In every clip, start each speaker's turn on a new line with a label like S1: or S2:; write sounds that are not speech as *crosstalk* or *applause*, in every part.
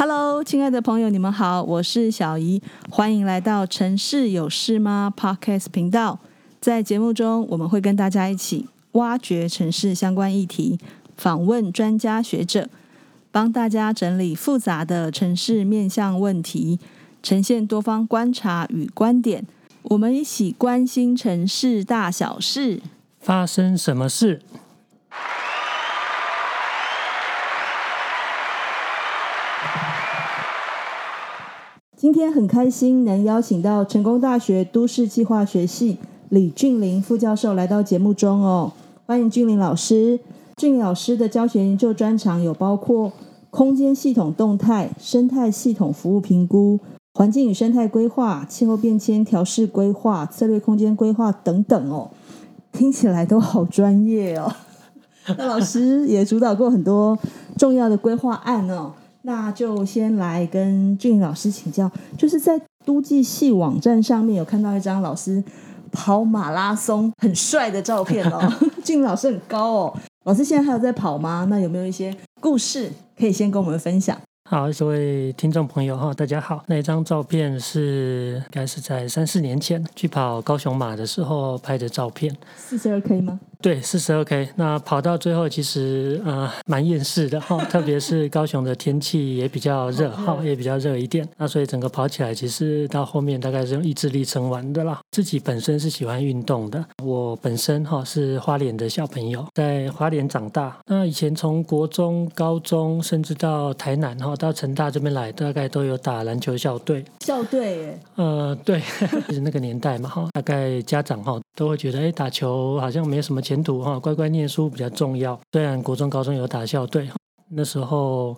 S1: Hello，親愛的朋友，你們好，我是小怡。歡迎來到《城市有事嗎》Podcast 頻道。在節目中，我們會跟大家一起挖掘城市相關議題，訪問專家學者，幫大家整理複雜的城市面向問題，呈現多方觀察與觀點。我們一起關心城市大小事，發生什麼事？今天很開心能邀請到成功大學都市計劃學系李俊霖副教授來到節目中哦，歡迎俊霖老師。俊霖老師的教學研究專長有包括空間系統動態、生態系統服務評估、環境與生態規劃、氣候變遷調適規劃、策略空間規劃等等哦，聽起來都好專業哦。 *laughs* 那老師也主導過很多重要的規劃案哦。那就先來跟俊霖老師請教，就是在都計系網站上面有看到一張老師跑馬拉松很帥的照片哦，俊霖 *laughs* 老師很高哦，老師現在還有在跑嗎？那有沒有一些故事可以先跟我們分享？
S2: 好，各位聽眾朋友哈，大家好，那張照片是應該是在三四年前去跑高雄馬的時候拍的照片，
S1: 四十二 K 嗎？
S2: 對，42K。那跑到最後，其實啊、呃，蠻厭世的哈。特別是高雄的天氣也比較熱，哈， *laughs* 也比較熱一點。那所以整個跑起來，其實到後面大概是用意志力撐完的啦。自己本身是喜歡運動的，我本身哈是花蓮的小朋友，在花蓮長大。那以前從國中、高中，甚至到台南，哈，到成大這邊來，大概都有打籃球校隊。
S1: 校隊耶？
S2: 呃，對，就是那個年代嘛，哈，大概家長哈都會覺得，哎，打球好像沒什麼。前途哈，乖乖念書比較重要。雖然國中、高中有打校隊，那時候，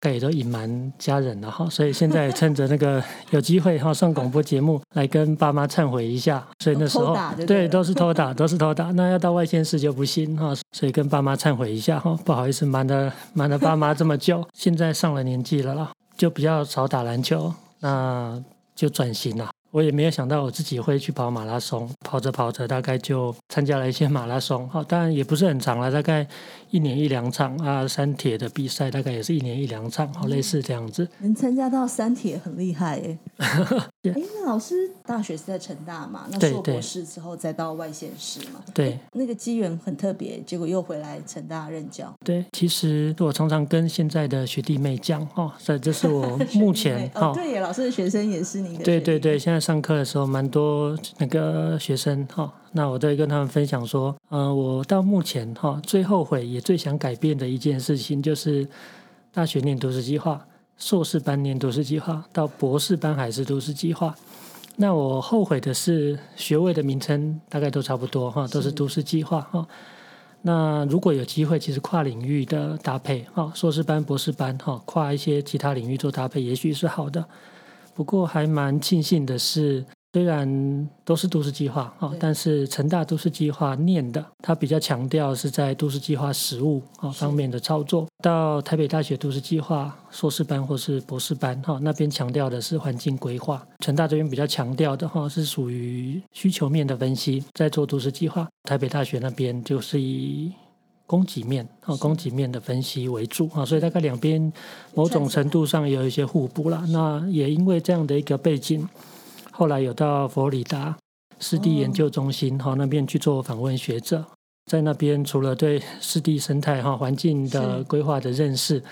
S2: 他也都隱瞞家人了哈。所以現在趁着那個有機會哈，上廣播節目來跟爸媽懺悔一下。所以那時候，對，都是偷打，都是偷打。那要到外縣市就不行哈，所以跟爸媽懺悔一下哈。不好意思，瞞了瞞了爸媽這麼久，現在上了年紀了啦，就比較少打籃球，那就轉型了。我也沒有想到我自己會去跑馬拉松，跑着跑着，大概就參加了一些馬拉松，好，當然也不是很長了，大概一年一兩場啊，三鐵的比賽大概也是一年一兩場，好，類似這樣子。
S1: 能參加到三鐵很厲害耶、欸。 *laughs* 哎，那老師大學是在成大嘛？那碩博士之後再到外縣市嘛？對，對。欸，那個機緣很特別，結果又回來成大任教。
S2: 對，其實我常常跟現在的學弟妹講哈，所以這是我目前哈、 *laughs* 哦。對，
S1: 老師的學生也是你的學弟妹。對
S2: 對對，現在上課的時候蠻多那個學生哈、哦，那我都會跟他們分享說，嗯、呃，我到目前哈、哦、最後悔也最想改變的一件事情，就是大學念都市計劃。碩士班念都市計劃，到博士班還是都市計劃？那我後悔的是學位的名稱大概都差不多哈，都是都市計劃哈。那如果有機會，其實跨領域的搭配哈，碩士班、博士班哈，跨一些其他領域做搭配，也許是好的。不過還蠻慶幸的是。雖然都是都市計劃，但是成大都市計劃念的，它比較強調是在都市計劃實務啊方面的操作。到台北大學都市計劃碩士班或是博士班哈，那邊強調的是環境規劃。成大這邊比較強調的哈，是屬於需求面的分析，在做都市計劃。台北大學那邊就是以供給面啊，供給面的分析為主啊，所以大概兩邊某種程度上有一些互補啦。那也因為這樣的一個背景。後來有到佛裡達濕地研究中心哈、oh. 哦、那邊去做訪問學者，在那邊除了對濕地生態和、哦、環境的規劃的認識，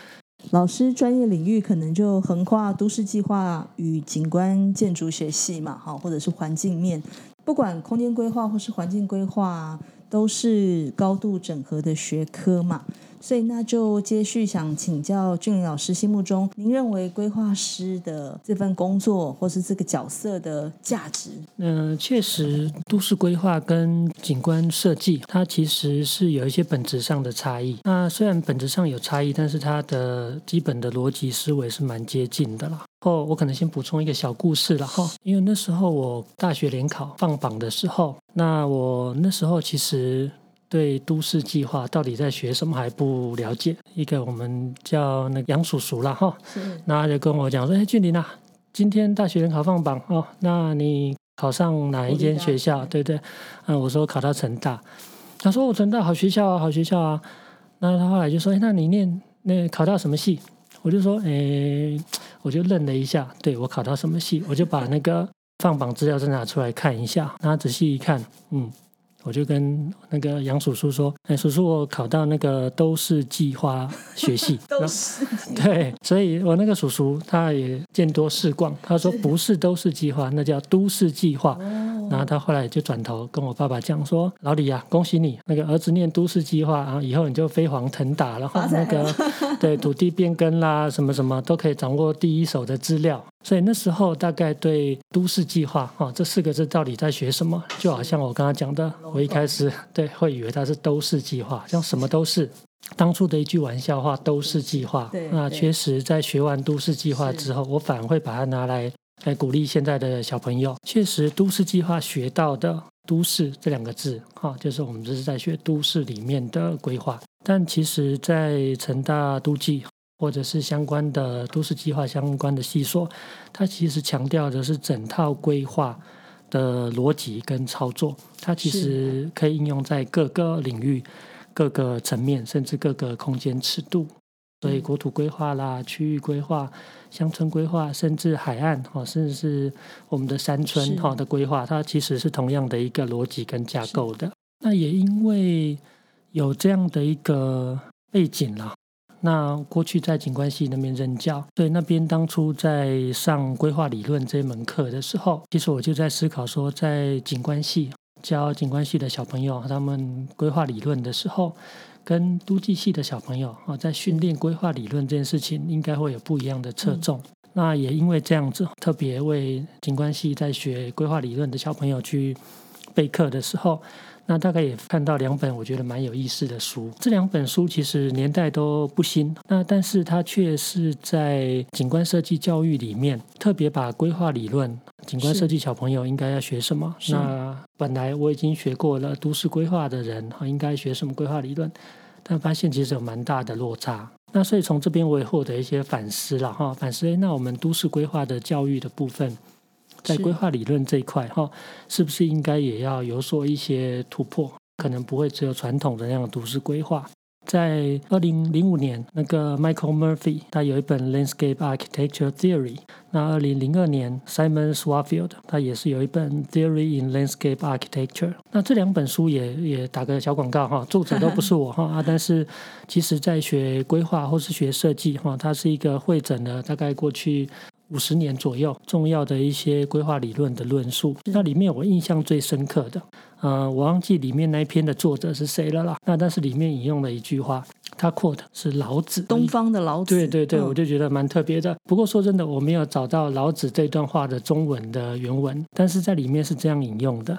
S1: 老師專業領域可能就橫跨都市計畫與景觀建築學系嘛哈，或者是環境面，不管空間規劃或是環境規劃，都是高度整合的學科嘛。所以，那就接續想請教俊霖老師，心目中您認為規劃師的這份工作或是這個角色的價值？
S2: 嗯、呃，確實，都市規劃跟景觀設計，它其實是有一些本質上的差異。那雖然本質上有差異，但是它的基本的邏輯思維是蠻接近的啦。哦，我可能先補充一個小故事了哈、哦，因為那時候我大學聯考放榜的時候，那我那時候其實。對都市計劃到底在學什麼還不了解，一個我們叫那個楊叔叔了哈，那就跟我講說：“哎，俊霖吶、啊，今天大學聯考放榜哦，那你考上哪一間學校，對？對不對？”嗯，我說考到成大，他說：“我成大好學校啊，好學校啊。”那他後來就說：“誒，那你念那考到什麼系？”我就說：“哎，我就愣了一下，對，我考到什麼系？我就把那個放榜資料再拿出來看一下，那仔細一看，嗯。”我就跟那個楊叔叔說：“哎，叔叔，我考到那個都市計劃學系。 *laughs* ”對，所以我那個叔叔他也見多識廣，他說：“不是都市計劃，那叫都市計劃。哦。”然後他後來就轉頭跟我爸爸講說：“哦、老李呀、啊，恭喜你，那個兒子念都市計劃啊，然後以後你就飛黃騰達了。”然後那個對土地變更啦，什麼什麼都可以掌握第一手的資料。所以那時候大概對“都市計劃”哈這四個字到底在學什麼，就好像我剛剛講的，我一開始對會以為它是都市計劃，像什麼都是當初的一句玩笑話“都市計劃”。那確實，在學完都市計劃之後，我反而會把它拿來來鼓勵現在的小朋友。確實，都市計劃學到的“都市”這兩個字哈，就是我們這是在學都市裡面的規劃。但其實，在成大都計。或者是相關的都市計劃相關的系所，它其實強調的是整套規劃的邏輯跟操作，它其實可以應用在各個領域、各個層面，甚至各個空間尺度。所以國土規劃啦、區域規劃、鄉村規劃，甚至海岸哈，甚至是我們的山村哈的規劃，它其實是同樣的一個邏輯跟架構的。那也因為有這樣的一個背景啦。那過去在景觀系那邊任教，所以那邊當初在上規劃理論這門課的時候，其實我就在思考說，在景觀系教景觀系的小朋友他們規劃理論的時候，跟都計系的小朋友啊，在訓練規劃理論這件事情，應該會有不一樣的側重。嗯。那也因為這樣子，特別為景觀系在學規劃理論的小朋友去備課的時候。那大概也看到兩本我覺得蠻有意思的書，這兩本書其實年代都不新，那但是它卻是在景觀設計教育裡面特別把規劃理論，景觀設計小朋友應該要學什麼。那本來我已經學過了都市規劃的人，哈，應該學什麼規劃理論，但發現其實有蠻大的落差。那所以從這邊我也獲得一些反思了哈，反思誒，那我們都市規劃的教育的部分。在規劃理論這一塊，哈，是不是應該也要有所一些突破？可能不會只有傳統的那樣都市規劃。在二零零五年，那個 Michael Murphy 他有一本《Landscape Architecture Theory》；那二零零二年 Simon Swaffield 他也是有一本《Theory in Landscape Architecture》。那這兩本書也也打個小廣告哈，作者都不是我哈 *laughs* 啊！但是，其實在學規劃或是學設計哈，它是一個彙整了大概過去，五十年左右，重要的一些規劃理論的論述。那裡面我印象最深刻的，呃，我忘記裡面那篇的作者是誰了啦。那但是裡面引用了一句話，他 quote 是老子，東方的老子。對對對，嗯，我就覺得蠻特別的。不過說真的，我沒有找到老子這段話的中文的原文，但是在裡面是這樣引用的。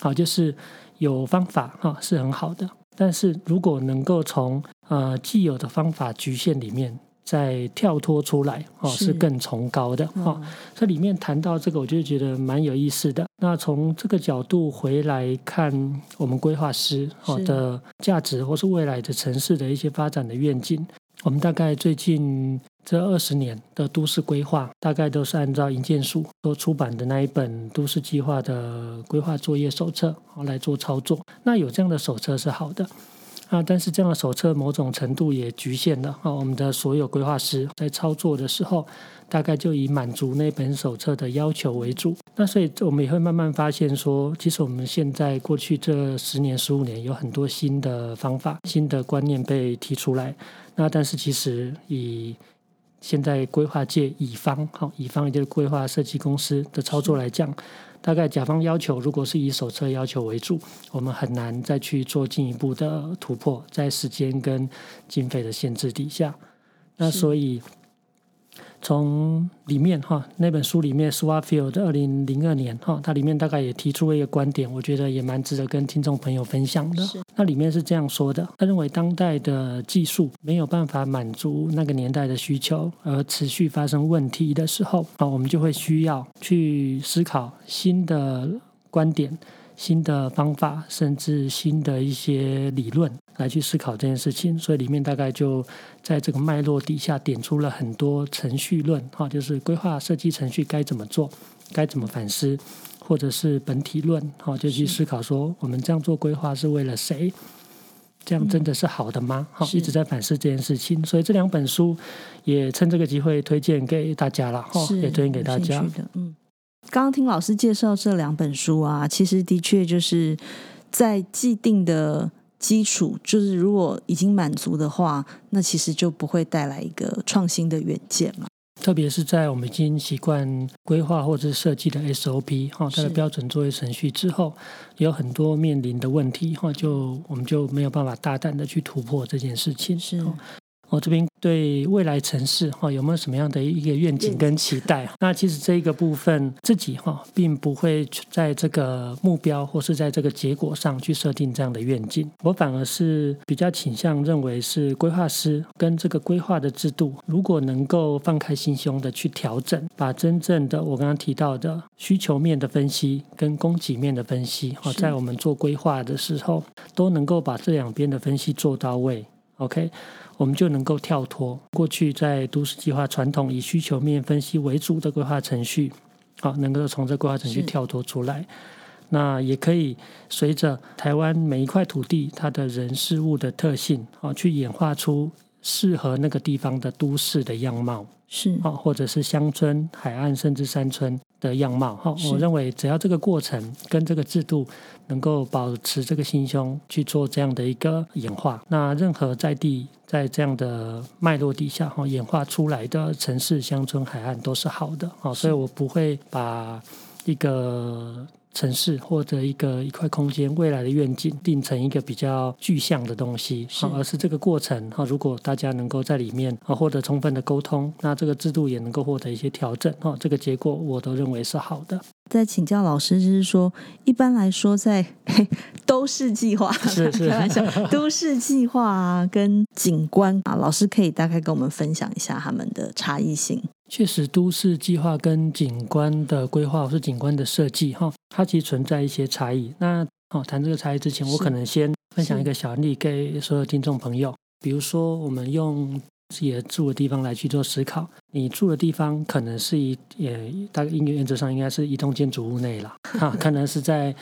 S2: 好，就是有方法啊，哦，是很好的。但是如果能夠從呃既有的方法局限裡面，再跳脫出來，哦，是更崇高的哈、嗯。這裡面談到這個，我就覺得蠻有意思的。那從這個角度回來看，我們規劃師好的價值，或是未來的城市的一些發展的願景，我們大概最近這二十年的都市規劃，大概都是按照營建署所出版的那一本《都市計劃的規劃作業手冊》來做操作。那有這樣的手冊是好的。啊，但是這樣的手冊某種程度也侷限了啊、哦，我們的所有規劃師在操作的時候，大概就以滿足那本手冊的要求為主。那所以，我們也會慢慢發現說，其實我們現在過去這十年、十五年有很多新的方法、新的觀念被提出來。那但是，其實以現在規劃界乙方，好、哦、乙方也就是規劃設計公司的操作來講。大概甲方要求，如果是以手冊要求為主，我們很難再去做進一步的突破，在時間跟經費的限制底下，那所以。從裡面哈，那本書裡面，Swaffield 二零零二年哈，它裡面大概也提出了一個觀點，我覺得也蠻值得跟聽眾朋友分享的。那裡面是這樣說的：他認為，當代的技術沒有辦法滿足那個年代的需求，而持續發生問題的時候，啊，我們就會需要去思考新的觀點。新的方法，甚至新的一些理論來去思考這件事情，所以裡面大概就在這個脈絡底下點出了很多程序論，哈，就是規劃設計程序該怎麼做，該怎麼反思，或者是本體論，哈，就去思考說我們這樣做規劃是為了誰？這樣真的是好的嗎？哈、嗯，一直在反思這件事情，所以這兩本書也趁這個機會推薦給大家了，哈，也推薦給大家，嗯。
S1: 剛剛聽老師介紹這兩本書啊，其實的確就是在既定的基礎，就是如果已經滿足的話，那其實就不會帶來一個創新的遠見嘛。
S2: 特別是在我們已經習慣規劃或者設計的 SOP 哈、哦，它的標準作業程序之後，有很多面臨的問題哈、哦，就我們就沒有辦法大膽的去突破這件事情是。我這邊對未來城市哈有沒有什麼樣的一個願景跟期待？嗯、 *laughs* 那其實這個部分自己哈並不會在這個目標或是在這個結果上去設定這樣的願景。我反而是比較傾向認為是規劃師跟這個規劃的制度，如果能夠放開心胸的去調整，把真正的我剛剛提到的需求面的分析跟供給面的分析哈，在我們做規劃的時候都能夠把這兩邊的分析做到位。OK。我們就能夠跳脫過去在都市計劃傳統以需求面分析為主的規劃程序，好，能夠從這規劃程序跳脫出來。那也可以隨着台灣每一塊土地它的人事物的特性，啊，去演化出適合那個地方的都市的樣貌，是啊，或者是鄉村、海岸甚至山村的樣貌。好，我認為只要這個過程跟這個制度能夠保持這個心胸去做這樣的一個演化，那任何在地在這樣的脈絡底下哈演化出來的城市、鄉村、海岸都是好的哈，所以我不會把。一個城市或者一個一塊空間未來的願景定成一個比較具象的東西，是而是這個過程，哈，如果大家能夠在裡面啊獲得充分的溝通，那這個制度也能夠獲得一些調整，哈，這個結果我都認為是好的。
S1: 再請教老師，就是說，一般來說在，在都市計劃是是開玩笑，都市計劃跟景觀啊，老師可以大概跟我們分享一下他們的差異性。確實，都市計劃跟
S2: 景觀的規劃或是景觀的設計，哈，它其實存在一些差異。那好，談這個差異之前，我可能先分享一個小案例給所有聽眾朋友。比如說，我們用自己的住的地方來去做思考，你住的地方可能是一也，大概應用原則上應該是一棟建築物內啦，哈， *laughs* 可能是在。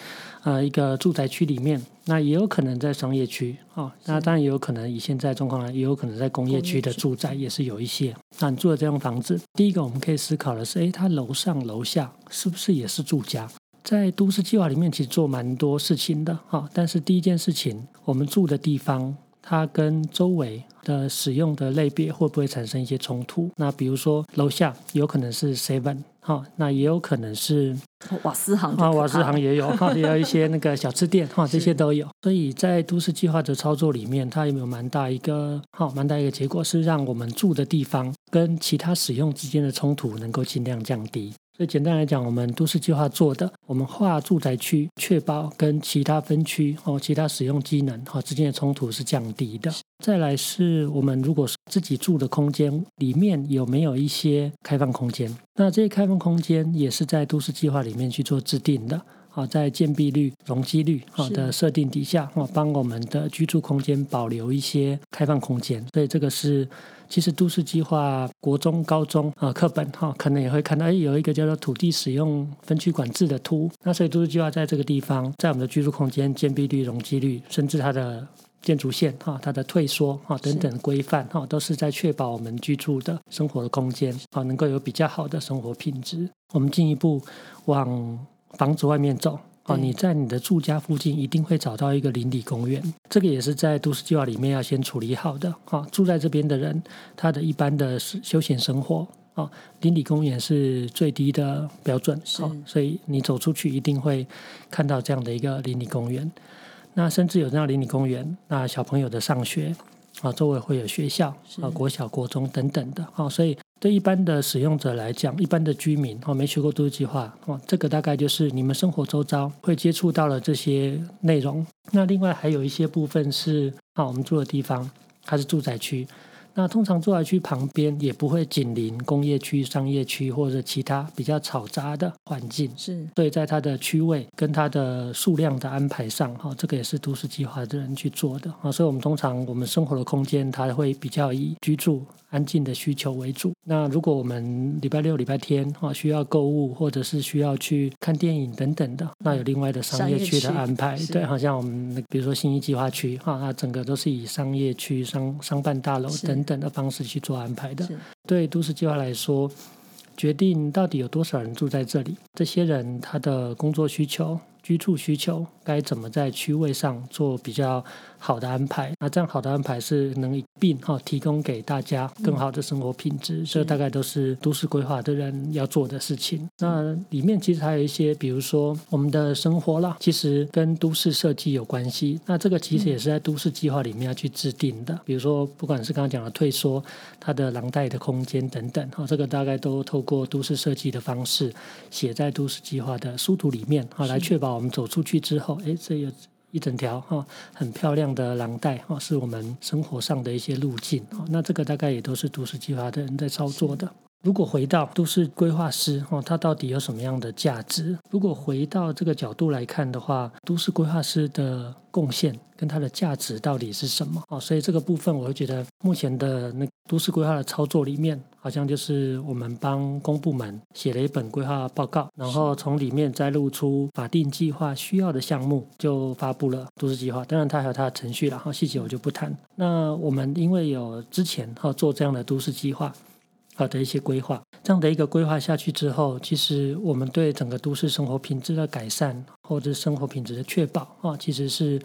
S2: 呃，一個住宅區裡面，那也有可能在商業區，啊、哦，那當然也有可能以現在狀況來，也有可能在工業區的住宅也是有一些。那你住的這棟房子，第一個我們可以思考的是，誒，它樓上樓下是不是也是住家？在都市計劃裡面其實做蠻多事情的，啊、哦，但是第一件事情，我們住的地方，它跟周圍的使用的類別會不會產生一些衝突？那比如說樓下有可能是 seven。好、哦，那也有可能是瓦斯行啊，瓦斯行也有，也有一些那個小吃店，哈， *laughs* 這些都有。所以在都市計劃的操作裡面，它有沒有蠻大一個好，蠻大一個結果，是讓我們住的地方跟其他使用之間的衝突能夠儘量降低。所以簡單來講，我們都市計劃做的，我們劃住宅區，確保跟其他分區哦、其他使用機能哈之間的衝突是降低的。再來是我們如果是自己住的空間裡面有沒有一些開放空間，那這些開放空間也是在都市計劃裡面去做制定的啊，在建蔽率、容積率好的設定底下，哦，幫我們的居住空間保留一些開放空間，所以這個是。其實都市計劃國中、高中啊課本哈，可能也會看到，哎，有一個叫做土地使用分區管制的圖。那所以都市計劃在這個地方，在我們的居住空間、建蔽率、容積率，甚至它的建築線、哈、它的退縮、哈等等的規範、哈，都是在確保我們居住的生活的空間啊，能夠有比較好的生活品質。我們進一步往房子外面走。哦，你在你的住家附近一定會找到一個鄰里公園，嗯、這個也是在都市計劃裡面要先處理好的。哈，住在這邊的人，他的一般的休休閒生活，哦，鄰里公園是最低的標準。是，所以你走出去一定會看到這樣的一個鄰里公園。那甚至有這樣鄰里公園，那小朋友的上學。啊，周圍會有學校啊，國小、國中等等的啊，所以對一般的使用者來講，一般的居民哦，沒學過都市計劃哦，這個大概就是你們生活周遭會接觸到了這些內容。那另外還有一些部分是啊，我們住的地方它是住宅區。那通常住宅區旁邊也不會緊鄰工業區、商業區或者其他比較吵雜的環境，是，所以在它的區位跟它的數量的安排上，哈，這個也是都市計劃的人去做的，啊，所以我們通常我們生活的空間它會比較以居住，安靜的需求為主。那如果我們禮拜六、禮拜天哈、啊、需要購物，或者是需要去看電影等等的，那有另外的商業區的安排。對，好像我們、那個、比如說信義計劃區哈，它、啊、整個都是以商業區、商商辦大樓等等的方式去做安排的是。對都市計劃來說，決定到底有多少人住在這裡，這些人他的工作需求，居住需求該怎麼在區位上做比較好的安排？那這樣好的安排是能一併哈提供給大家更好的生活品質。嗯、這個、大概都是都市規劃的人要做的事情。那裡面其實還有一些，比如說我們的生活啦，其實跟都市設計有關係。那這個其實也是在都市計劃裡面要去制定的。嗯、比如說，不管是剛剛講的退縮，它的廊帶的空間等等，哈，這個大概都透過都市設計的方式寫在都市計劃的書圖裡面，哈，來確保。我們走出去之後，哎、欸，這有一整條哈，很漂亮的廊帶哈，是我們生活上的一些路徑。哦，那這個大概也都是都市計劃的人在操作的。如果回到都市規劃師哦，他到底有什麼樣的價值？如果回到這個角度來看的話，都市規劃師的貢獻。跟它的價值到底是什麽？哦，所以這個部分，我會覺得目前的那都市規劃的操作裡面，好像就是我們幫公部門寫了一本規劃報告，然後從裡面摘錄出法定計劃需要的項目，就發布了都市計劃。當然，它還有它的程序了，然後細節我就不談。那我們因為有之前哈做這樣的都市計劃，好的一些規劃，這樣的一個規劃下去之後，其實我們對整個都市生活品質的改善或者生活品質的確保，啊，其實是。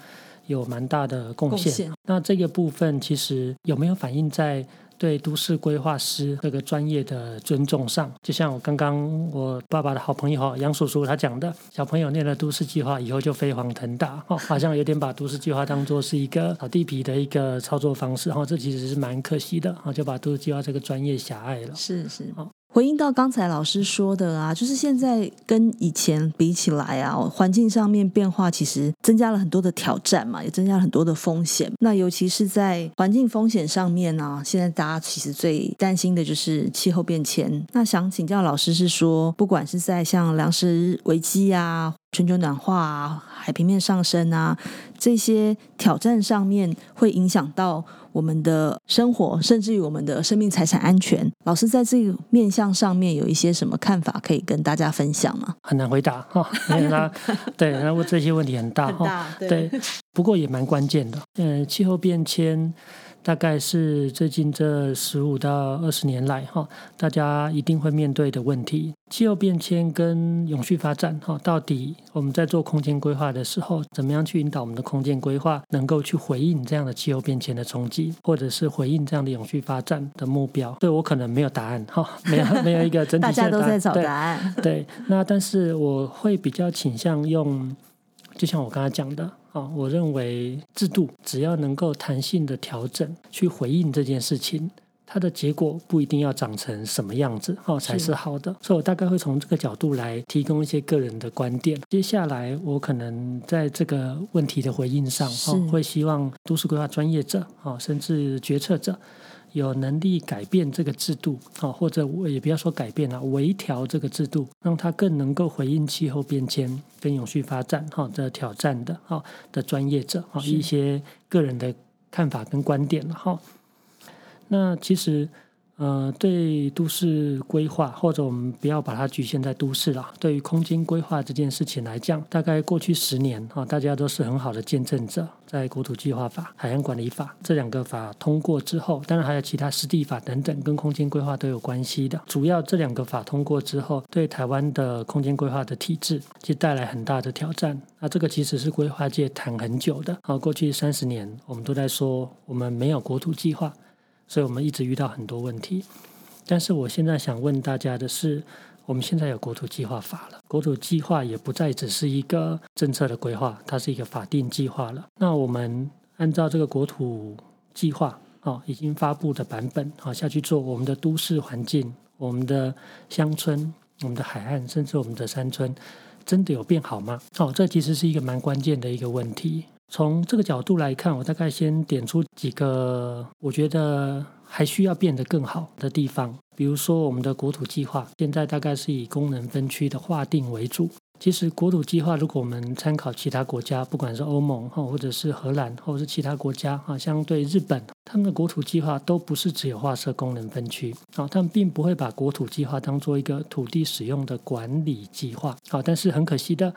S2: 有蠻大的貢獻、貢獻。那這個部分其實有沒有反映在對都市規劃師這個專業的尊重上？就像我剛剛我爸爸的好朋友哈楊叔叔他講的，小朋友念了都市計劃以後就飛黃騰達，哦，好像有點把都市計劃當做是一個炒地皮的一個操作方式，哈、哦，這其實是蠻可惜的，哈、哦，就把都市計劃這個專業狹隘了。是是。哦
S1: 回應到剛才老師說的啊，就是現在跟以前比起來啊，環境上面變化其實增加了很多的挑戰嘛，也增加了很多的風險。那尤其是在環境風險上面呢、啊，現在大家其實最擔心的就是氣候變遷。那想請教老師是說，不管是在像糧食危機啊、全球暖化啊、海平面上升啊這些挑戰上面，會影響到？我們的生活，甚至於我們的生命、財產安全，老師在這個面向上面有一些什麼看法可以跟大家分享嗎？很難
S2: 回答哈，哦、那 *laughs* 對，那這些問題很大， *laughs* 很大對，對，不過也蠻關鍵的。嗯，氣候變遷。大概是最近這十五到二十年來，哈，大家一定會面對的問題：氣候變遷跟永續發展，哈，到底我們在做空間規劃的時候，怎麼樣去引導我們的空間規劃，能夠去回應這樣的氣候變遷的衝擊，或者是回應這樣的永續發展的目標？對，我可能沒有答案，哈，沒有沒有一個整體性的答案。大家都在找答案。對， *laughs* 對，那但是我會比較傾向用，就像我剛才講的。啊，我認為制度只要能夠彈性的調整去回應這件事情，它的結果不一定要長成什麼樣子，哈，才是好的是。所以我大概會從這個角度來提供一些個人的觀點。接下來我可能在這個問題的回應上，哈，會希望都市規劃專業者，哈，甚至決策者。有能力改變這個制度，啊，或者我也不要說改變了，微調這個制度，讓它更能夠回應氣候變遷跟永續發展哈的挑戰的，哈，的專業者，哈一些個人的看法跟觀點哈。那其實。呃，對都市規劃，或者我們不要把它侷限在都市了。對於空間規劃這件事情來講，大概過去十年啊，大家都是很好的見證者。在國土計劃法、海岸管理法這兩個法通過之後，當然還有其他濕地法等等，跟空間規劃都有關係的。主要這兩個法通過之後，對台灣的空間規劃的體制，就帶來很大的挑戰。那這個其實是規劃界談很久的。好，過去三十年，我們都在說我們沒有國土計劃。所以，我們一直遇到很多問題。但是，我現在想問大家的是：我們現在有國土計劃法了，國土計劃也不再只是一個政策的規劃，它是一個法定計劃了。那我們按照這個國土計劃，哦，已經發布的版本，哦，下去做我們的都市環境、我們的鄉村、我們的海岸，甚至我們的山村，真的有變好嗎？哦，這其實是一個蠻關鍵的一個問題。從這個角度來看，我大概先點出幾個我覺得還需要變得更好的地方，比如說我們的國土計劃，現在大概是以功能分區的劃定為主。其實國土計劃，如果我們參考其他國家，不管是歐盟或者是，或者是荷蘭，或者是其他國家啊，相對日本，他們的國土計劃都不是只有劃設功能分區啊，他們並不會把國土計劃當做一個土地使用的管理計劃啊。但是很可惜的，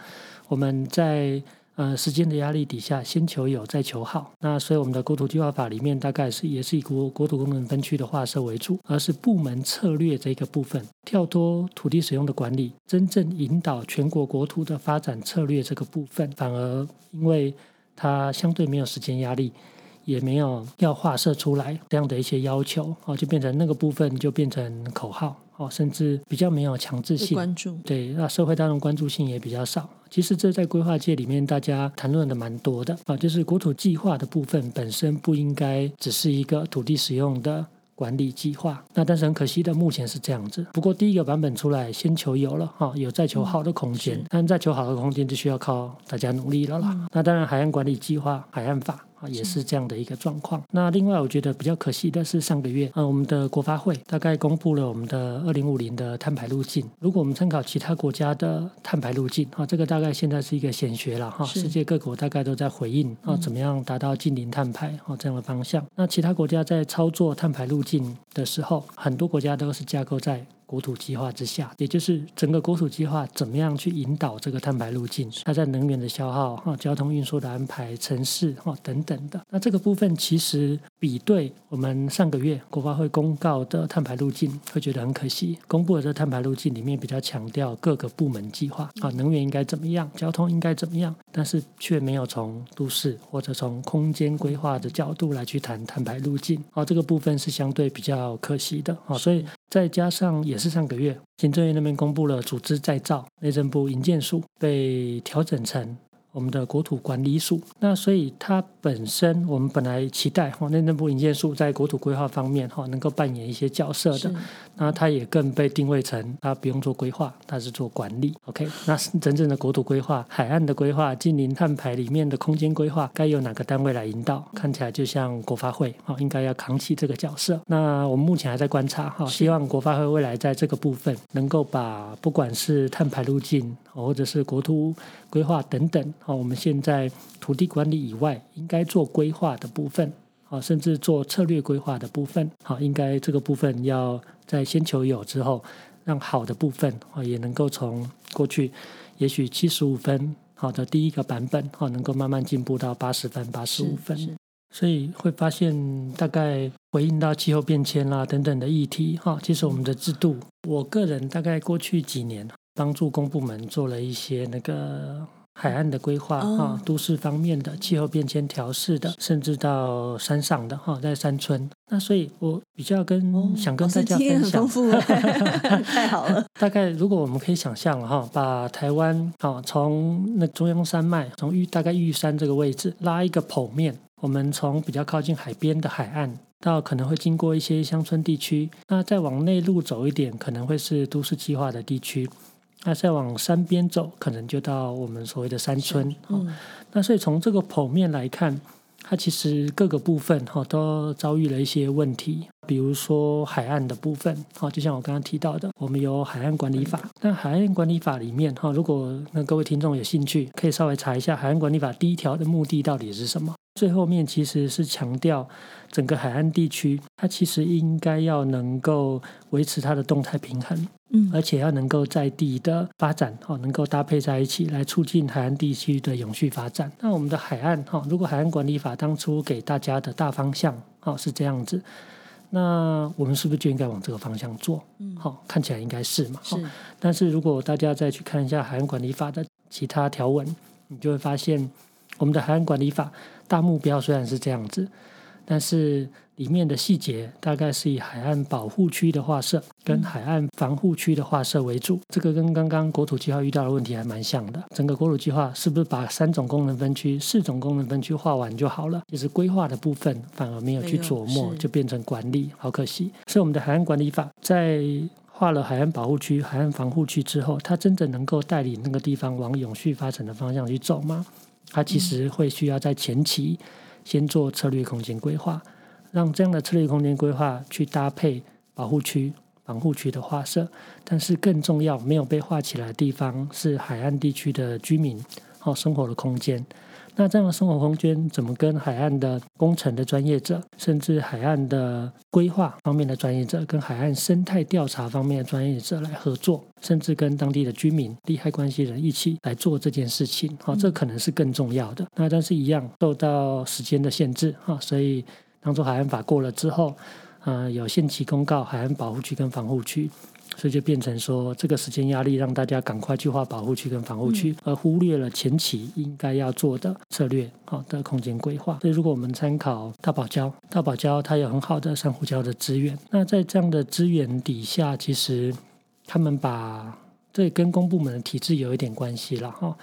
S2: 我們在呃，時間的壓力底下，先求有再求好。那所以我們的國土計劃法裡面，大概是也是以國國土功能分區的劃設為主，而是部門策略這一個部分，跳脫土地使用的管理，真正引導全國國土的發展策略這個部分，反而因為它相對沒有時間壓力，也沒有要劃設出來這樣的一些要求，啊，就變成那個部分就變成口號。甚至比較沒有強制性，對，那社會大眾關注性也比較少。其實這在規劃界裡面，大家談論的蠻多的啊，就是國土計劃的部分本身不應該只是一個土地使用的管理計劃。那但是很可惜的，目前是這樣子。不過第一個版本出來，先求有了哈，有再求好的空間。嗯、但再求好的空間，就需要靠大家努力了啦。嗯、那當然，海岸管理計劃、海岸法。也是這樣的一個狀況。那另外，我覺得比較可惜的是上個月，啊、呃，我們的國發會大概公布了我們的二零五零的碳排路徑。如果我們參考其他國家的碳排路徑，啊、哦，這個大概現在是一個顯學了哈、哦。世界各國大概都在回應啊、哦，怎麼樣達到近零碳排啊、哦、這樣的方向、嗯。那其他國家在操作碳排路徑的時候，很多國家都是架構在，國土計劃之下，也就是整個國土計劃怎麼樣去引導這個碳排路徑？它在能源的消耗、哈，交通運輸的安排、城市、哈等等的。那這個部分其實比對我們上個月國發會公告的碳排路徑，會覺得很可惜。公布的這個碳排路徑裡面比較強調各個部門計劃啊，能源應該怎麼樣，交通應該怎麼樣，但是卻沒有從都市或者從空間規劃的角度來去談碳排路徑。啊，這個部分是相對比較可惜的。啊，所以再加上也。是上個月，行政院那邊公布了組織再造，內政部營建署被調整成我們的國土管理署，那所以它本身，我們本來期待哈內政部營建署在國土規劃方面哈能夠扮演一些角色的，那它也更被定位成它不用做規劃，它是做管理。OK，那真正的國土規劃、海岸的規劃、淨零碳排裡面的空間規劃，該由哪個單位來引導？看起來就像國發會哈應該要扛起這個角色。那我們目前還在觀察哈，希望國發會未來在這個部分能夠把不管是碳排路徑或者是國土規劃等等。好，我們現在土地管理以外，應該做規劃的部分，好，甚至做策略規劃的部分，好，應該這個部分要在先求有之後，讓好的部分，也能夠從過去，也許七十五分好的第一個版本，好，能夠慢慢進步到八十分、八十五分，所以會發現大概回應到氣候變遷啦、啊、等等的議題，哈，其實我們的制度，我個人大概過去幾年幫助公部門做了一些那個。海岸的規劃啊、哦哦，都市方面的氣候變遷調適的、嗯，甚至到山上的哈、哦，在山村。那所以，我比較跟、哦、想跟大家分享，哦、很 *laughs* 太好了。 *laughs* 大概如果我們可以想象哈、哦，把台灣好、哦、從那中央山脈，從玉大概玉山這個位置拉一個剖面，我們從比較靠近海邊的海岸，到可能會經過一些鄉村地區，那再往內陸走一點，可能會是都市計劃的地區。那再往山邊走，可能就到我們所謂的山村。嗯，那所以從這個剖面來看，它其實各個部分哈都遭遇了一些問題，比如說海岸的部分。哈就像我剛剛提到的，我們有海岸管理法。那海岸管理法裡面哈，如果那各位聽眾有興趣，可以稍微查一下海岸管理法第一條的目的到底是什麼？最後面其實是強調。整個海岸地區，它其實應該要能夠維持它的動態平衡，嗯，而且要能夠在地的發展哦，能夠搭配在一起來促進海岸地區的永續發展。那我們的海岸哈、哦，如果海岸管理法當初給大家的大方向哦是這樣子，那我們是不是就應該往這個方向做？嗯，好、哦，看起來應該是嘛，是。但是如果大家再去看一下海岸管理法的其他條文，你就會發現我們的海岸管理法大目標雖然是這樣子。但是裡面的細節大概是以海岸保護區的劃設跟海岸防護區的劃設為主、嗯，這個跟剛剛國土計劃遇到的問題還蠻像的。整個國土計劃是不是把三種功能分區、四種功能分區畫完就好了？其實規劃的部分反而沒有去琢磨，就變成管理，好可惜。所以我們的海岸管理法在畫了海岸保護區、海岸防護區之後，它真的能夠帶領那個地方往永續發展的方向去走嗎？它其實會需要在前期。先做策略空間規劃，讓這樣的策略空間規劃去搭配保護區、保護區的劃設，但是更重要，沒有被劃起來的地方是海岸地區的居民和生活的空間。那這樣的生活空間怎麼跟海岸的工程的專業者，甚至海岸的規劃方面的專業者，跟海岸生態調查方面的專業者來合作，甚至跟當地的居民、利害關係人一起來做這件事情？啊，這可能是更重要的。嗯、那但是一樣受到時間的限制啊，所以當初海岸法過了之後，啊，有限期公告海岸保護區跟防護區。所以就變成說，這個時間壓力讓大家趕快去劃保護區跟防護區，嗯，而忽略了前期應該要做的策略好的空間規劃。所以如果我們參考大堡礁，大堡礁它有很好的珊瑚礁的資源，那在這樣的資源底下，其實他們把這跟公部門的體制有一點關係了哈，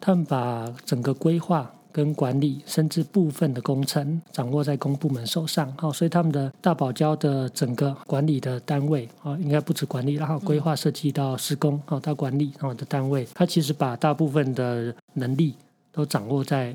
S2: 他們把整個規劃。跟管理甚至部分的工程掌握在公部門手上，好，所以他們的大堡礁的整個管理的單位啊，應該不止管理，然後規劃設計到施工，好、嗯、到管理，然後的單位，他其實把大部分的能力都掌握在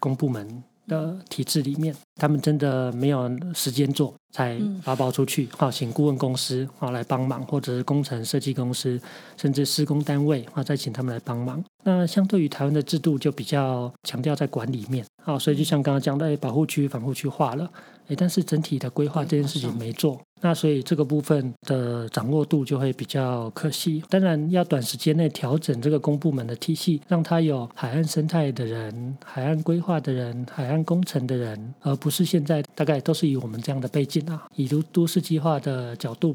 S2: 公部門，的體制裡面，他們真的沒有時間做，才發包出去，好、嗯、請顧問公司好來幫忙，或者是工程設計公司，甚至施工單位，再請他們來幫忙。那相對於台灣的制度，就比較強調在管理面，好，所以就像剛剛講的保護區、防護區化了。哎，但是整體的規劃這件事情沒做，那所以這個部分的掌握度就會比較可惜。當然，要短時間內調整這個公部門的體系，讓它有海岸生態的人、海岸規劃的人、海岸工程的人，而不是現在大概都是以我們這樣的背景啊，以都都市計劃的角度。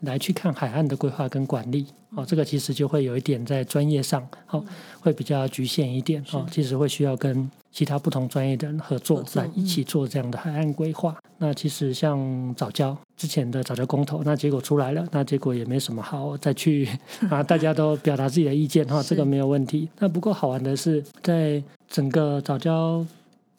S2: 來去看海岸的規劃跟管理，哦，這個其實就會有一點在專業上，哦，嗯、會比較局限一點，哦，其實會需要跟其他不同專業的人合作，合作來一起做這樣的海岸規劃。嗯、那其實像藻礁之前的藻礁公投，那結果出來了，那結果也沒什麼好再去啊， *laughs* 大家都表達自己的意見，哈、哦， *laughs* 這個沒有問題。那不過好玩的是，在整個藻礁。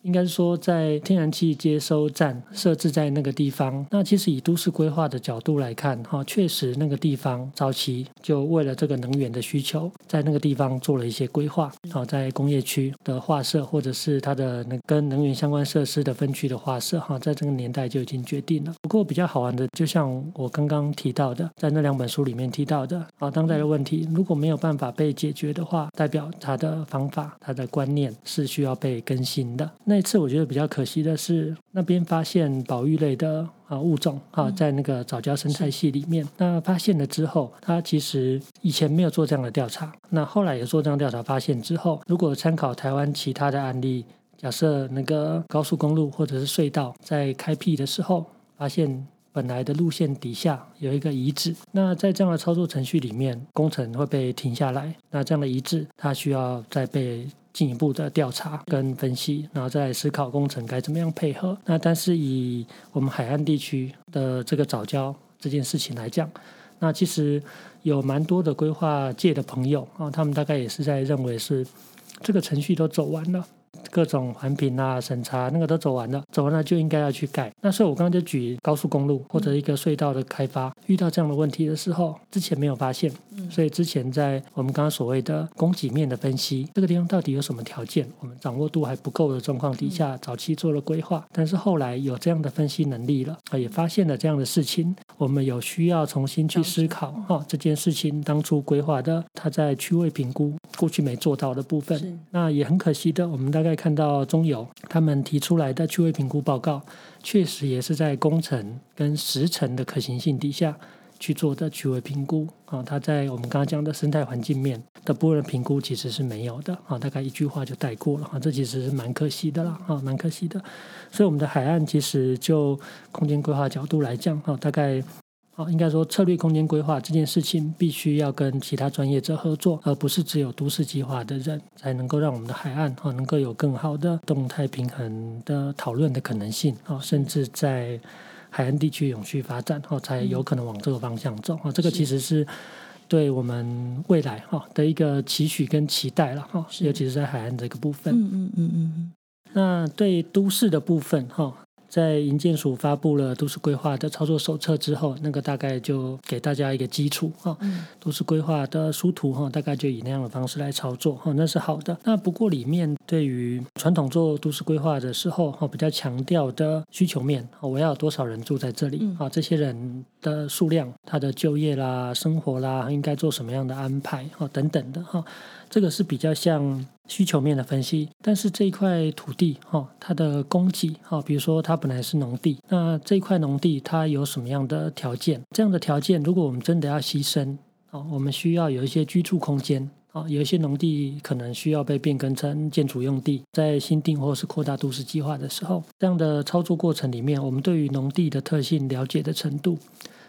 S2: 應該說，在天然氣接收站設置在那個地方，那其實以都市規劃的角度來看，哈，確實那個地方早期就為了這個能源的需求，在那個地方做了一些規劃，好在工業區的劃設或者是它的跟能源相關設施的分區的劃設，哈，在這個年代就已經決定了。不過比較好玩的，就像我剛剛提到的，在那兩本書裡面提到的，啊，當代的問題如果沒有辦法被解決的話，代表它的方法、它的觀念是需要被更新的。那一次我覺得比較可惜的是，那邊發現保育類的啊物種啊、嗯，在那個藻礁生態系裡面，那發現了之後，它其實以前沒有做這樣的調查。那後來有做這樣的調查，發現之後，如果參考台灣其他的案例，假設那個高速公路或者是隧道在開闢的時候，發現本來的路線底下有一個遺址，那在這樣的操作程序裡面，工程會被停下來。那這樣的遺址，它需要再被。進一步的調查跟分析，然後再思考工程該怎麼樣配合。那但是以我們海岸地區的這個藻礁這件事情來講，那其實有蠻多的規劃界的朋友啊，他們大概也是在認為是這個程序都走完了。各種環評啊、審查、啊、那個都走完了，走完了就應該要去改。那所以，我剛剛就舉高速公路或者一個隧道的開發，嗯、遇到這樣的問題的時候，之前沒有發現、嗯，所以之前在我們剛剛所謂的供給面的分析，這個地方到底有什麼條件，我們掌握度還不夠的狀況底下，嗯、早期做了規劃，但是後來有這樣的分析能力了啊，也發現了這樣的事情，我們有需要重新去思考哈、嗯哦，這件事情當初規劃的，它在區位評估過去沒做到的部分，那也很可惜的，我們的。大概看到中油，他們提出來的區位評估報告，確實也是在工程跟時程的可行性底下去做的區位評估啊。它在我們剛剛講的生態環境面的部分的評估其實是沒有的啊。大概一句話就帶過了啊，這其實是蠻可惜的了啊，蠻可惜的。所以我們的海岸其實就空間規劃角度來講啊，大概。好，應該說策略空間規劃這件事情，必須要跟其他專業者合作，而不是只有都市計劃的人，才能夠讓我們的海岸哈能夠有更好的動態平衡的討論的可能性哈，甚至在海岸地區永續發展哈，才有可能往這個方向走啊。嗯。這個其實是對我們未來哈的一個期許跟期待了哈，尤其是在海岸這個部分。嗯嗯嗯嗯。那對都市的部分哈。在營建署發佈了都市規劃的操作手冊之後，那個大概就給大家一個基礎哈、嗯，都市規劃的書圖哈，大概就以那樣的方式來操作哈，那是好的。那不過裡面對於傳統做都市規劃的時候哈，比較強調的需求面，我要有多少人住在這裡啊、嗯，這些人。的數量，他的就業啦、生活啦，應該做什麼樣的安排哈、哦？等等的哈、哦，這個是比較像需求面的分析。但是這一塊土地哈、哦，它的供給哈，比如說它本來是農地，那這一塊農地它有什麼樣的條件？這樣的條件，如果我們真的要犧牲、哦、我們需要有一些居住空間。啊，有一些農地可能需要被變更成建築用地，在新訂或是擴大都市計劃的時候，這樣的操作過程裡面，我們對於農地的特性了解的程度，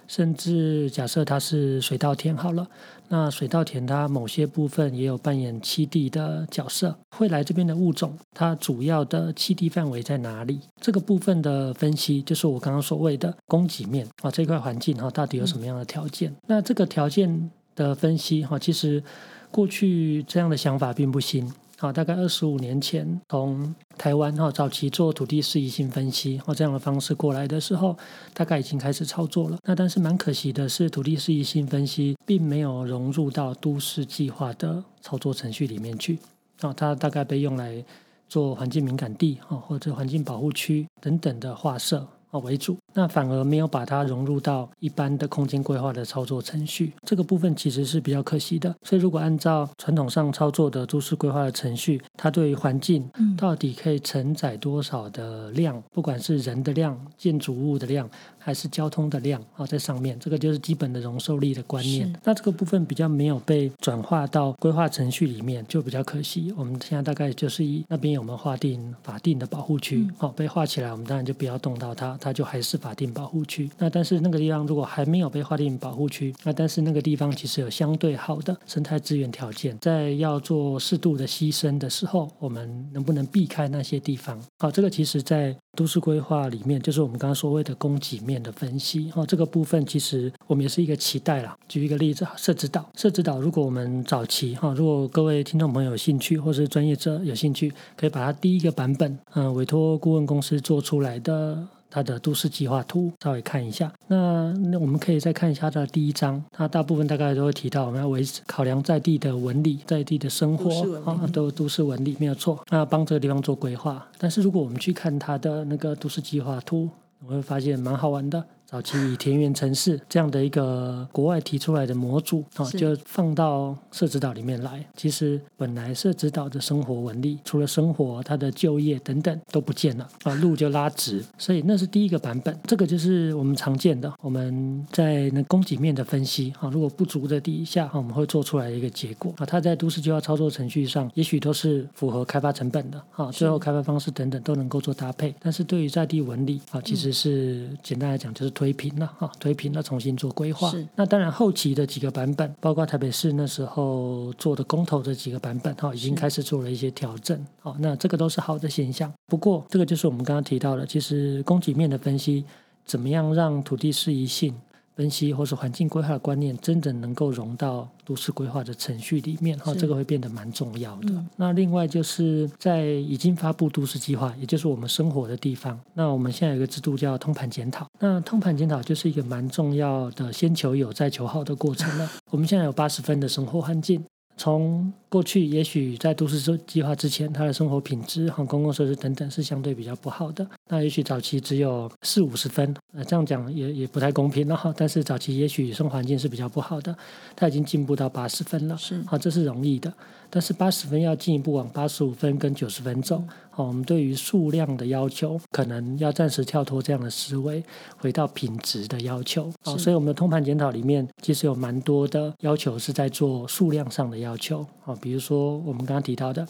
S2: 甚至假設它是水稻田好了，那水稻田它某些部分也有扮演棲地的角色，會來這邊的物種，它主要的棲地範圍在哪裡？這個部分的分析就是我剛剛所謂的供給面，啊，這一塊環境哈，啊，到底有什麼樣的條件？嗯。那這個條件的分析哈，啊，其實。過去這樣的想法並不新，啊，大概二十五年前從台灣哈早期做土地適宜性分析，哦這樣的方式過來的時候，大概已經開始操作了。那但是蠻可惜的是，土地適宜性分析並沒有融入到都市計劃的操作程序裡面去，啊，它大概被用來做環境敏感地哈或者環境保護區等等的劃設啊為主。那反而沒有把它融入到一般的空間規劃的操作程序，這個部分其實是比較可惜的。所以如果按照傳統上操作的都市規劃的程序，它對於環境到底可以承載多少的量，嗯、不管是人的量、建築物的量，還是交通的量啊、哦，在上面這個就是基本的容受力的觀念。那這個部分比較沒有被轉化到規劃程序裡面，就比較可惜。我們現在大概就是一那邊有沒有劃定法定的保護區，好、嗯哦、被劃起來，我們當然就不要動到它，它就還是。法定保護區。那但是那個地方如果還沒有被劃定保護區，那但是那個地方其實有相對好的生態資源條件。在要做適度的犧牲的時候，我們能不能避開那些地方？好，這個其實，在都市規劃裡面，就是我們剛剛所謂的供給面的分析。哦，這個部分其實我們也是一個期待啦。舉一個例子，社子島。社子島，如果我們早期哈、哦，如果各位聽眾朋友有興趣，或是專業者有興趣，可以把它第一個版本，嗯，委託顧問公司做出來的。它的都市計劃圖稍微看一下，那那我們可以再看一下它的第一章，它大部分大概都會提到，我們要維持考量在地的紋理，在地的生活啊，都都市紋理沒有錯，那幫這個地方做規劃。但是如果我們去看它的那個都市計劃圖，我會發現蠻好玩的。早期以田園城市這樣的一個國外提出來的模組，啊，就放到社子島裡面來。其實本來社子島的生活紋理，除了生活，它的就業等等都不見了，啊，路就拉直。所以那是第一個版本，這個就是我們常見的，我們在那供給面的分析，哈，如果不足的底下，哈，我們會做出來一個結果，啊，它在都市計劃操作程序上，也許都是符合開發成本的，哈，最後開發方式等等都能夠做搭配。但是對於在地紋理，啊，其實是簡單來講就是。推平了哈，推平了，重新做規劃。是，那當然，後期的幾個版本，包括台北市那時候做的公投的幾個版本哈，已經開始做了一些調整。好，那這個都是好的現象。不過，這個就是我們剛剛提到的，其實供給面的分析，怎麼樣讓土地適宜性。分析或是環境規劃的觀念，真的能夠融到都市規劃的程序裡面，哈，這個會變得蠻重要的。嗯。那另外就是在已經發布都市計劃，也就是我們生活的地方，那我們現在有一個制度叫通盤檢討，那通盤檢討就是一個蠻重要的先求有再求好的過程了。我們現在有八十分的生活環境，從。過去也許在都市計劃之前，他的生活品質和公共設施等等是相對比較不好的。那也許早期只有四五十分，啊、呃，這樣講也也不太公平了哈。但是早期也許生活環境是比較不好的，他已經進步到八十分了，是啊，這是容易的。但是八十分要進一步往八十五分跟九十分走，好、嗯哦，我們對於數量的要求，可能要暫時跳脫這樣的思維，回到品質的要求好、哦，所以我們的通盤檢討裡面，其實有蠻多的要求是在做數量上的要求，好、哦。比如說，我們剛剛提到的，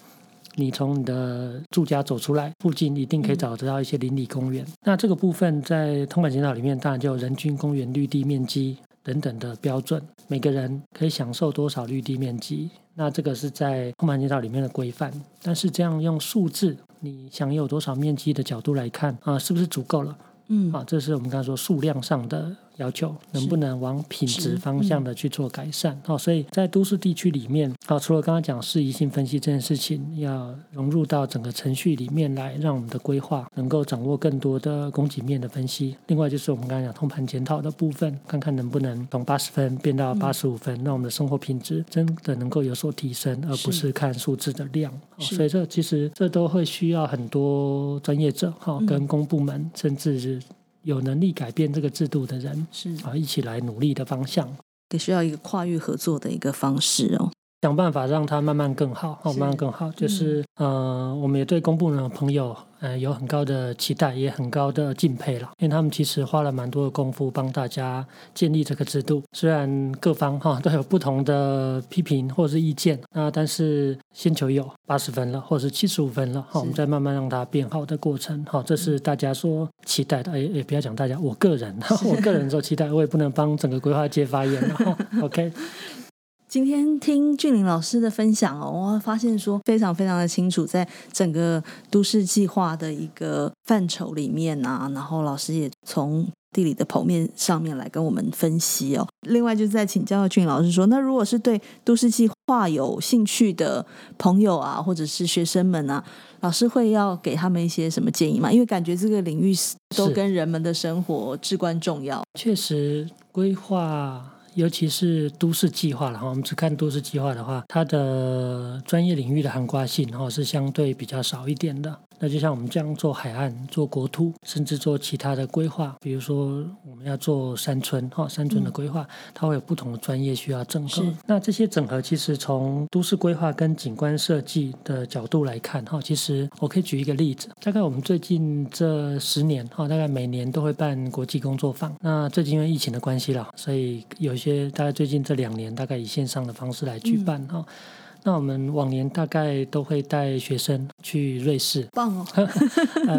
S2: 你從你的住家走出來，附近一定可以找得到一些鄰里公園、嗯。那這個部分在通盤檢討裡面，當然就有人均公園綠地面積等等的標準，每個人可以享受多少綠地面積？那這個是在通盤檢討裡面的規範。但是這樣用數字，你享有多少面積的角度來看啊，是不是足夠
S1: 了？嗯，啊，這
S2: 是我們剛剛說數量上的。要求能不能往品質方向的去做改善、嗯？哦，所以在都市地區裡面，哦、除了剛剛講適宜性分析這件事情，要融入到整個程序裡面來，讓我們的規劃能夠掌握更多的供給面的分析。嗯、另外就是我們剛剛講通盤檢討的部分，看看能不能從八十分變到八十五分、嗯，讓我們的生活品質真的能夠有所提升，而不是看數字的量。哦、所以這其實這都會需要很多專業者，哈、哦，跟公部門、嗯、甚至是。有能力改變這個制度的人，是啊，一起來努力的方向，
S1: 得需要一個跨域合作的一個方式哦。
S2: 想辦法讓它慢慢更好、哦，慢慢更好。就是、嗯，呃，我們也對公部的朋友，呃，有很高的期待，也很高的敬佩了，因為他們其實花了蠻多的功夫幫大家建立這個制度。雖然各方哈、哦、都有不同的批評或者是意見，那但是先求有八十分了，或是七十五分了，好、哦，我們再慢慢讓它變好的過程。好、哦，這是大家所期待的，也、欸、也、欸欸、不要講大家，我個人，我個人所期待，我也不能幫整個規劃界發言，然 *laughs* 後 OK。
S1: 今天聽俊霖老師的分享哦，我發現說非常非常的清楚，在整個都市計劃的一個範疇裡面啊，然後老師也從地理的剖面上面來跟我們分析哦。另外就是在請教俊霖老師說，那如果是對都市計劃有興趣的朋友啊，或者是學生們啊，老師會要給他們一些什麼建議嗎？因為感覺這個領域是都跟人們的生活至關重要。確
S2: 實，規劃。尤其是都市計劃了哈，我們只看都市計劃的話，它的專業領域的涵蓋性然後是相對比較少一點的。那就像我們這樣做海岸、做國土，甚至做其他的規劃，比如說我們要做山村哈，山村的規劃、嗯，它會有不同的專業需要整合。那這些整合其實從都市規劃跟景觀設計的角度來看哈，其實我可以舉一個例子，大概我們最近這十年哈，大概每年都會辦國際工作坊。那最近因為疫情的關係了，所以有些大概最近這兩年大概以線上的方式來舉辦哈。嗯那我們往年大概都會帶學生去瑞士，棒哦！啊、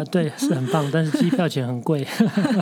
S2: *laughs* 呃，對，是很棒，但是機票錢很貴，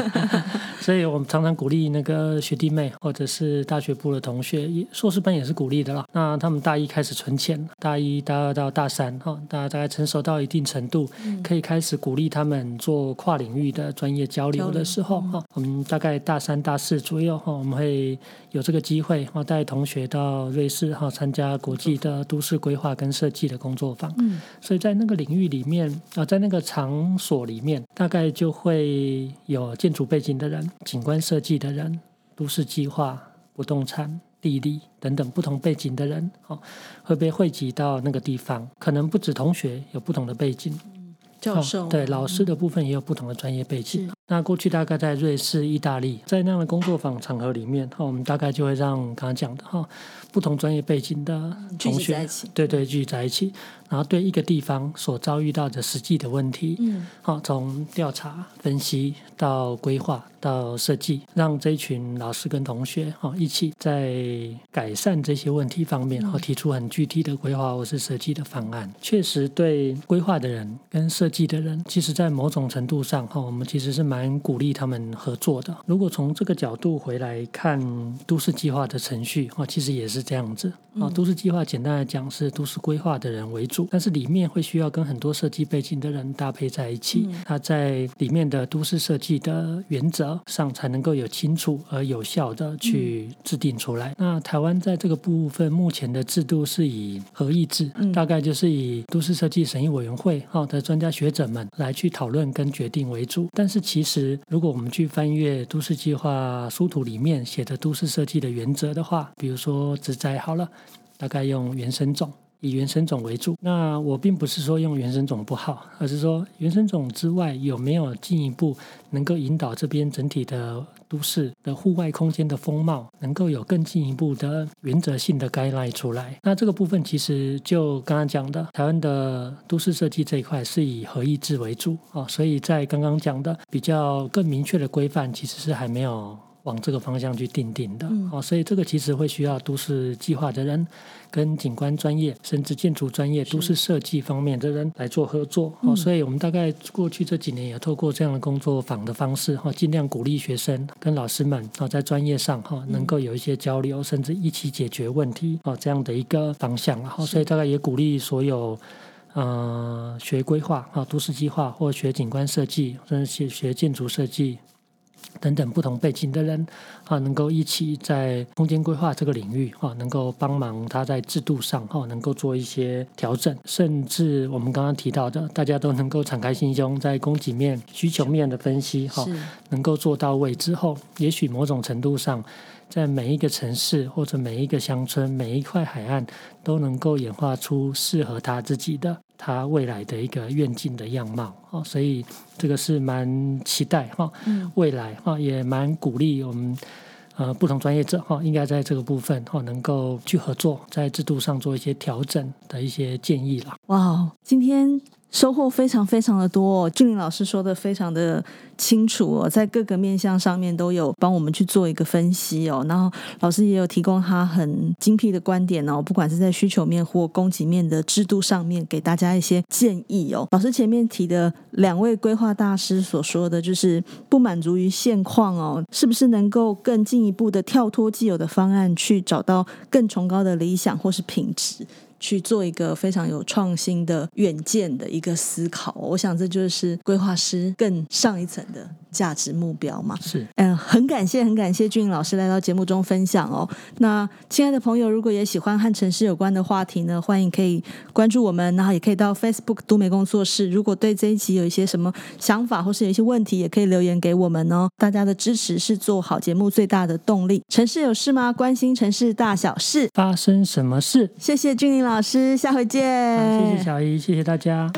S2: *laughs* 所以我們常常鼓勵那個學弟妹或者是大學部的同學，碩士班也是鼓勵的啦。那他們大一開始存錢，大一、大二到大三哈，大家大概成熟到一定程度、嗯，可以開始鼓勵他們做跨領域的專業交流的時候哈、嗯，我們大概大三、大四左右哈，我們會有這個機會哈，帶同學到瑞士哈，參加國際的。都市規劃跟設計的工作坊，嗯，所以在那個領域裡面，啊，在那個場所裡面，大概就會有建築背景的人、景觀設計的人、都市計劃、不動產、地理等等不同背景的人，哦，會被匯集到那個地方。可能不止同學有不同的背景，教授、哦、對老師的部分也有不同的專業背景。嗯嗯那過去大概在瑞士、意大利，在那樣的工作坊場合裡面，哈，我們大概就會讓剛剛講的哈，不同專業背景的同學，一起對，對對，聚在一起，然後對一個地方所遭遇到的實際的問題，嗯，好，從調查分析到規劃到設計，讓這一群老師跟同學，哈，一起在改善這些問題方面，哈，提出很具體的規劃或是設計的方案。嗯、確實，對規劃的人跟設計的人，其實在某種程度上，哈，我們其實是。蠻鼓勵他們合作的。如果從這個角度回來看都市計劃的程序啊，其實也是這樣子啊，嗯。都市計劃簡單來講是都市規劃的人為主，但是裡面會需要跟很多設計背景的人搭配在一起，嗯、他在裡面的都市設計的原則上才能夠有清楚而有效的去制定出來。嗯、那台灣在這個部分目前的制度是以合議制，大概就是以都市設計審議委員會的專家學者們來去討論跟決定為主，但是其其實，如果我們去翻閱《都市計劃書圖》裡面寫的都市設計的原則的話，比如說植栽好了，大概用原生種。以原生種為主，那我並不是說用原生種不好，而是說原生種之外有沒有進一步能夠引導這邊整體的都市的戶外空間的風貌，能夠有更進一步的原則性的概念出來。那這個部分其實就剛剛講的，台灣的都市設計這一塊是以合議制為主啊，所以在剛剛講的比較更明確的規範，其實是還沒有。往這個方向去定定的、嗯，所以這個其實會需要都市計劃的人跟景觀專業，甚至建築專業、都市設計方面的人來做合作，嗯。所以我們大概過去這幾年也透過這樣的工作坊的方式，哈，儘量鼓勵學生跟老師們，啊，在專業上，哈，能夠有一些交流，嗯，甚至一起解決問題，啊，這樣的一個方向。所以大概也鼓勵所有，嗯、呃，學規劃啊，都市計劃或學景觀設計，甚至去學建築設計。等等不同背景的人，啊，能夠一起在空間規劃這個領域，哈，能夠幫忙他在制度上，哈，能夠做一些調整，甚至我們剛剛提到的，大家都能夠敞開心胸，在供給面、需求面的分析，哈，能夠做到位之後，也許某種程度上，在每一個城市或者每一個鄉村、每一塊海岸，都能夠演化出適合他自己的。他未來的一個願景的樣貌，哦，所以這個是蠻期待哈、嗯，未來哈也蠻鼓勵我們呃不同專業者哈，應該在這個部分哈能夠去合作，在制度上做一些調整的一些建議啦
S1: 哇，今天收穫非常非常的多哦，俊霖老師說的非常的清楚哦，在各個面向上面都有幫我們去做一個分析哦，然後老師也有提供他很精闢的觀點哦，不管是在需求面或供給面的制度上面，給大家一些建議哦。老師前面提的兩位規劃大師所說的就是不滿足於現況哦，是不是能夠更進一步的跳脫既有的方案，去找到更崇高的理想或是品質？去做一個非常有創新的遠見的一個思考哦，我想這就是規劃師更上一層的價值目標嘛。是，嗯，很感謝，很感謝俊霖老師來到節目中分享哦。那，親愛的朋友，如果也喜歡和城市有關的話題呢，歡迎可以關注我們，然後也可以到 Facebook 都媒工作室。如果對這一集有一些什麼想法，或是有一些問題，也可以留言給我們哦。大家的支持是做好節目最大的動力。城市有事嗎？關心城市大小事，發生什麼事？謝謝俊霖老。老師，下回見啊。謝謝曉怡，謝謝大家。